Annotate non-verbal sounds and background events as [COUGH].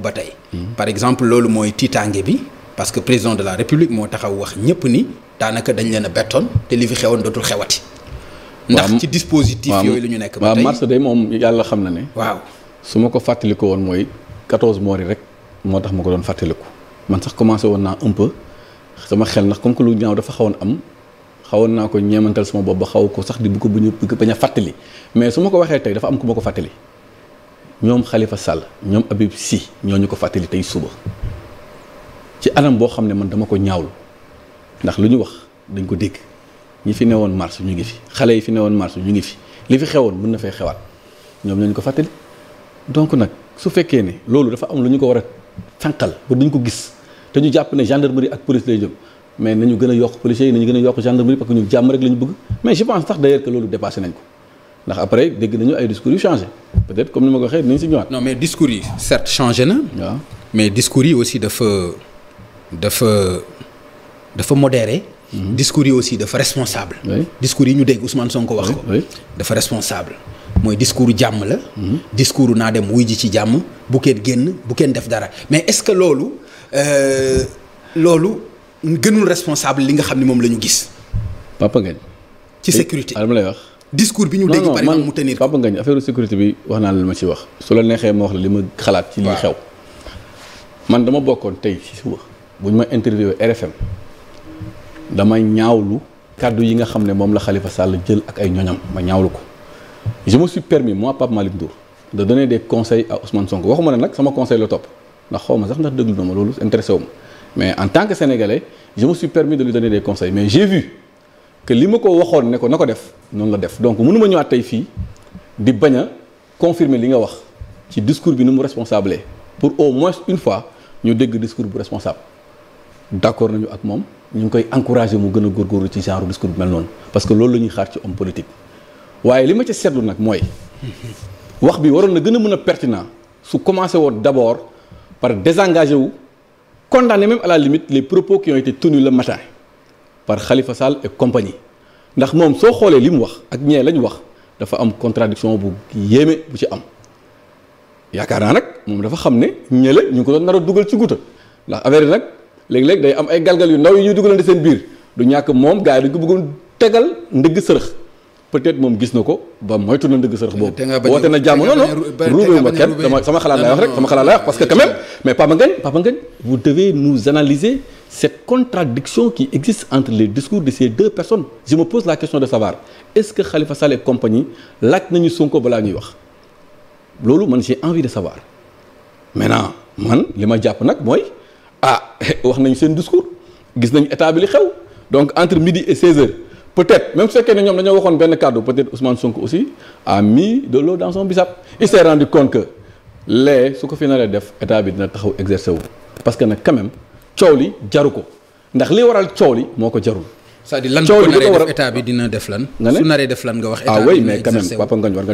ba tey. par exemple loolu mooy tiitaange bi parce que président de la république moo taxaw wax ñëpp ni daanaka dañ leen a bettoon te li fi xewoon dootul xewati. ndax ci dispositif yooyu la ñu nekk. ba tey mars day moom yàlla xam na ne. waaw su ma ko fàttaliku woon mooy 14 mois yi rek moo tax ma ko doon fàttaliku. man sax commencé woon naa un peu sama xel ndax comme que lu ñaaw dafa xawoon am xawoon naa ko ñeemantal sama bopp ba xaw ko sax di bu ko bu ñu bañ fàttali mais su ma ko waxee tey dafa am ku ma ko fàttali. ñoom xalifa sàll ñoom abi si ñoo ñu ko fàttali tey suba ci anam boo xam ne man dama ko ñaawlu ndax lu ñu wax dañ ko dégg ñi fi woon mars ñu ngi fi xale yi fi ne newoon mars ñu ngi fi li fi xewoon mën na fay xewaat ñoom ñoo ñu ko fàttali donc nag su fekkee ne loolu dafa am lu ñu ko war a tànqal ba duñ ko gis te ñu jàpp ne gendarmerie ak police lay jëm mais nañu gën a yokk policiers yi nañu gën a yokk gendarmerie parce que ñu jàmm rek la bëgg mais loolu dépassé nañ ko ndax après dégg nañu ay discours yu changé peut comme ni ma ko waxee dinañ si ñëwaat. non mais discours yi certes changé na. waaw mais discours yi aussi dafa dafa dafa modere mhm. discours yi aussi dafa responsable. Oui. discours yi ñu dégg Ousmane ko wax ko. dafa responsable. mooy discours jàmm la. Mhm. discours naa dem wuy ji ci jàmm bu kenn génn bu kenn def dara mais est-ce que loolu euh, loolu gënul responsable li nga xam ne moom la ñu gis. Papa Ngagne ci sécurité lay wax. discours bi ñu dégg par exemple mu tenir Papa Ngagne affaire sécurité bi wax naa la ma ci wax su la neexee ma wax la li ma xalaat ci lii xew man dama bokkoon tey ci suba bu ñu ma interviewé RFM dama ñaawlu kàddu yi nga xam ne moom la Khalifa Sall jël ak ay ñoñam ma ñaawlu ko je me suis permis moi Pape Malick Ndour de donner des conseils à waxuma ne nag sama conseil la topp ndax xaw ma sax ndax déglu na ma loolu intéressé wu mais en tant que sénégalais je me suis permis de mais que li ma ko waxoon ne ko na ko def noonu la def donc mënu ma ñëwaat tey fii di bañ a confirmer li nga wax ci discours bi ni mu responsable pour au moins une fois ñu dégg discours bu responsable d'accord nañu ak moom ñu ngi koy encourager mu gën a góorgóorlu ci genre discours bi mel noonu parce que loolu la ñuy xaar ci homme politique waaye li ma ca seetlu nag mooy wax bi waroon na gën a mën a pertinant su commencé woon d'abord par désengager wu condamner même à la limite les propos qui le matin par Khalifa Sall et compagnie ndax moom soo xoolee li mu wax ak ñee lañ wax dafa am contradiction bu yéeme bu ci am yaakaar naa nag moom dafa xam ne ñële ñu ngi ko doon nar dugal ci guta ndax affaire yi nag léeg-léeg day am ay galgal yu ndaw yu ñuy dugalante seen biir du ñàkk moom gars yi dañ ko bëggoon tegal ndëgg sërëx peut-être moom gis na ko ba moytu na ndëgg sërëx boobu woote na jàmm non non ruube ma kenn sama xalaat laay wax rek sama xalaat laay wax cette contradiction qui existe entre les discours de ces deux personnes je me pose la question de savoir est-ce que Khalifa Sall et compagnie laaj nañu Sonko balaa ñuy wax loolu man j'ai envie de savoir maintenant man li ma jàpp nag mooy ah [LAUGHS] wax nañu seen discours gis nañu état bi li xew donc entre midi et 16 heures peut-être même su fekkee ne ñoom dañoo waxoon benn kàddu peut-être Ousmane Sonko aussi a mis de l'eau dans son bissap il su ko fi naree def état bi dina taxaw exercer wu parce que nag quand coow li jaru ko ndax li waral coow li moo ko jarul. coow li bu ko waral cest à def bi dina def lan. nga ne su naree def lan nga wax. état bi ah oui mais quand même Papa Ngagne war nga.